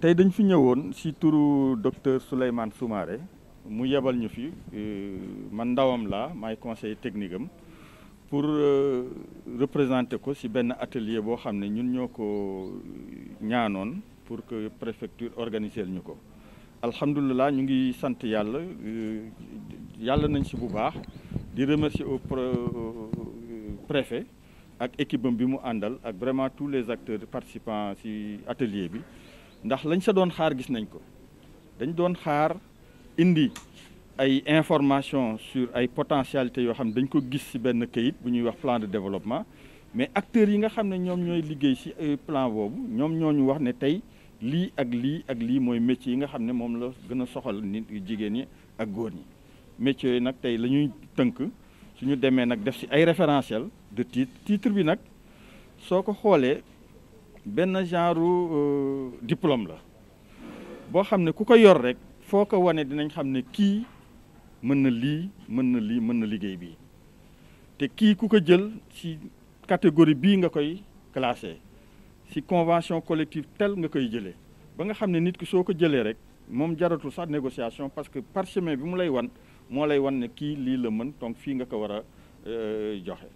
tey dañ fi ñëwoon ci turu docteur Souleymane Soumaré mu yebal ñu fi euh, man ndawam laa maay conseiller technique am pour euh, représenter ko ci benn atelier boo xam ne ñun ñoo ko euh, ñaanoon pour que préfecture organiser ñu ko alhamdulilah ñu ngi sant yàlla yàlla nañ si bu baax di remercier au préfet ak équipe bi mu àndal ak vraiment tous les acteurs participants ci atelier bi ndax lañ sa doon xaar gis nañ ko dañ doon xaar indi ay information sur ay potentialités yoo xam ne dañ ko gis ci benn kayit bu ñuy wax plan de développement mais acteurs yi nga xam ne ñoom ñooy liggéey ci euh, plan boobu ñoom ñoo ñu wax ne tey lii ak lii ak lii mooy métier yi nga xam ne moom la gën a soxal nit jigéen ñi ak góor ñi métiers yi nag tey la ñuy tënk suñu demee nag def ci ay référentiel de titre titre bi nag soo ko xoolee benn genre euh, diplôme la boo xam ne ku ko yor rek foo ko wane dinañ xam ne kii mën na lii mën na lii mën na liggéey bi te kii ku ko jël ci catégorie bii nga koy classé ci convention collective tel nga koy jëlee ba nga xam ne nit ki soo ko jëlee rek moom jaratul sax négociation parce que parchemin bi mu lay wan moo lay wan ne kii lii la mën donc fii nga ko war a euh, joxe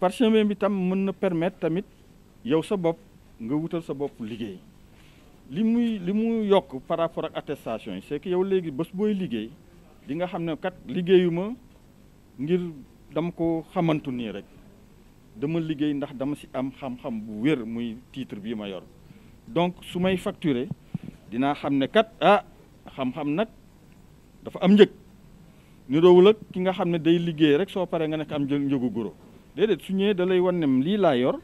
parchemin bi tam mën na permettre tamit yow sa bopp nga wutal sa bopp liggéey li muy li mu yokk par rapport ak attestation yi c'est que yow léegi bés booy liggéey di nga xam ne kat liggéeyu ma ngir dama ko xamantu nii rek dama liggéey ndax dama si am xam-xam bu wér muy titre bii ma yor donc su may facturer dinaa xam ne kat ah xam-xam nag dafa am njëg niroowul ak ki nga xam ne day liggéey rek soo paree nga nekk am njëgu goro déedéet su ñëwee dalay lay lii laa yor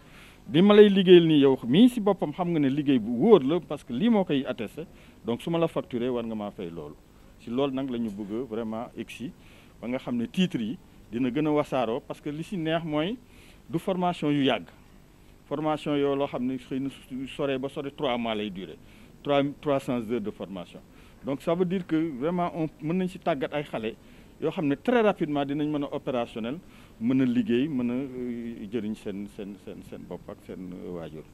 li ma lay liggéeyal nii yow mii si boppam xam nga ne liggéey bu wóor la parce que lii moo koy attesté donc su ma la facturé war nga maa fay loolu si loolu nag la ñu bëgg vraiment egsi ba nga xam ne titre yi dina gën a wasaaroo parce que li si neex mooy du formation yu yàgg formation yoo loo xam ne xëy na soree ba sore trois mois lay duré trois trois cents heures de formation donc ça veut dire que vraiment on mën nañ si tàggat ay xale yoo xam ne très rapidement dinañ mën a opérationnel mën a liggéey mën a euh, jëriñ seen seen seen seen bopp ak seen euh, waajur.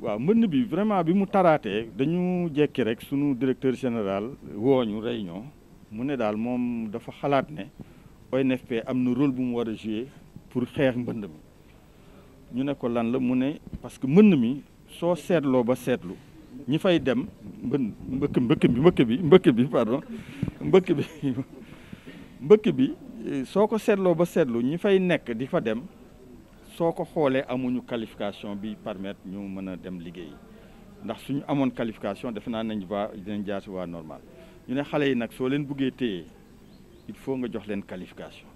waaw mbënn bi vraiment bi mu taraatee dañu jekki rek sunu directeur général wooñu réunion mu ne daal moom dafa xalaat ne ONFP am na rôle bu mu war a jouer pour xeex mbënd mi ñu ne ko lan la mu ne parce que mbënn mi soo seetloo ba seetlu ñi fay dem mbën mbëkk mbëkk bi mbëkk bi mbëkk bi pardon mbëkk bi mbëkk bi soo ko seetloo ba seetlu ñi fay nekk di fa dem soo ko xoolee amuñu qualification bi permettre ñu mën a dem liggéey ndax suñu amoon qualification defe naa nañ waa dinañ jaar si waa normal ñu ne xale yi nag soo leen buggee téye il faut nga jox leen qualification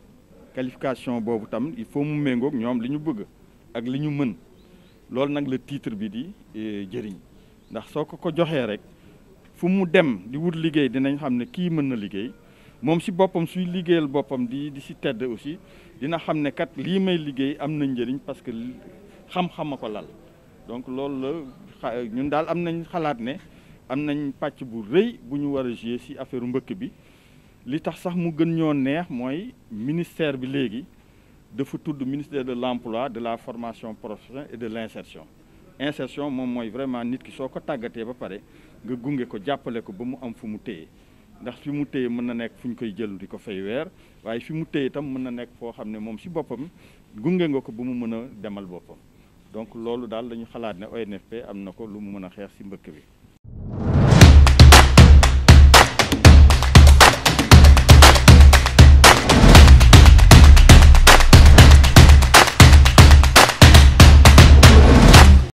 qualification boobu tam il faut mu méngoog ñoom li ñu bëgg ak li ñu mën loolu nag la titre bi di eh, jëriñ ndax soo ko ko joxee rek fu mu dem di wut liggéey dinañ xam ne kii mën na liggéey moom si boppam suy liggéeyal boppam di di si tedd aussi dina xam ne kat lii may liggéey am na njëriñ parce que xam-xam a ko lal donc loolu la ñun daal am nañ xalaat ne am nañ pàcc bu rëy bu ñu war a jouer si affaire mbëkk bi li tax sax mu gën ñoo neex mooy ministère bi léegi dafa tudd ministère de l'emploi de la formation professionnelle et de l'insertion insertion moom mooy vraiment nit ki soo ko tàggatee ba pare nga gunge ko jàppale ko ba mu am fu mu téye ndax fi mu téye mën na nekk fu ñu koy jël di ko fay weer waaye fi mu téye itam mën na nekk foo xam ne moom si boppam gunge nga ko ba mu mën a demal boppam donc loolu daal dañu xalaat ne ONFP am na ko lu mu mën a xeex si mbëkk bi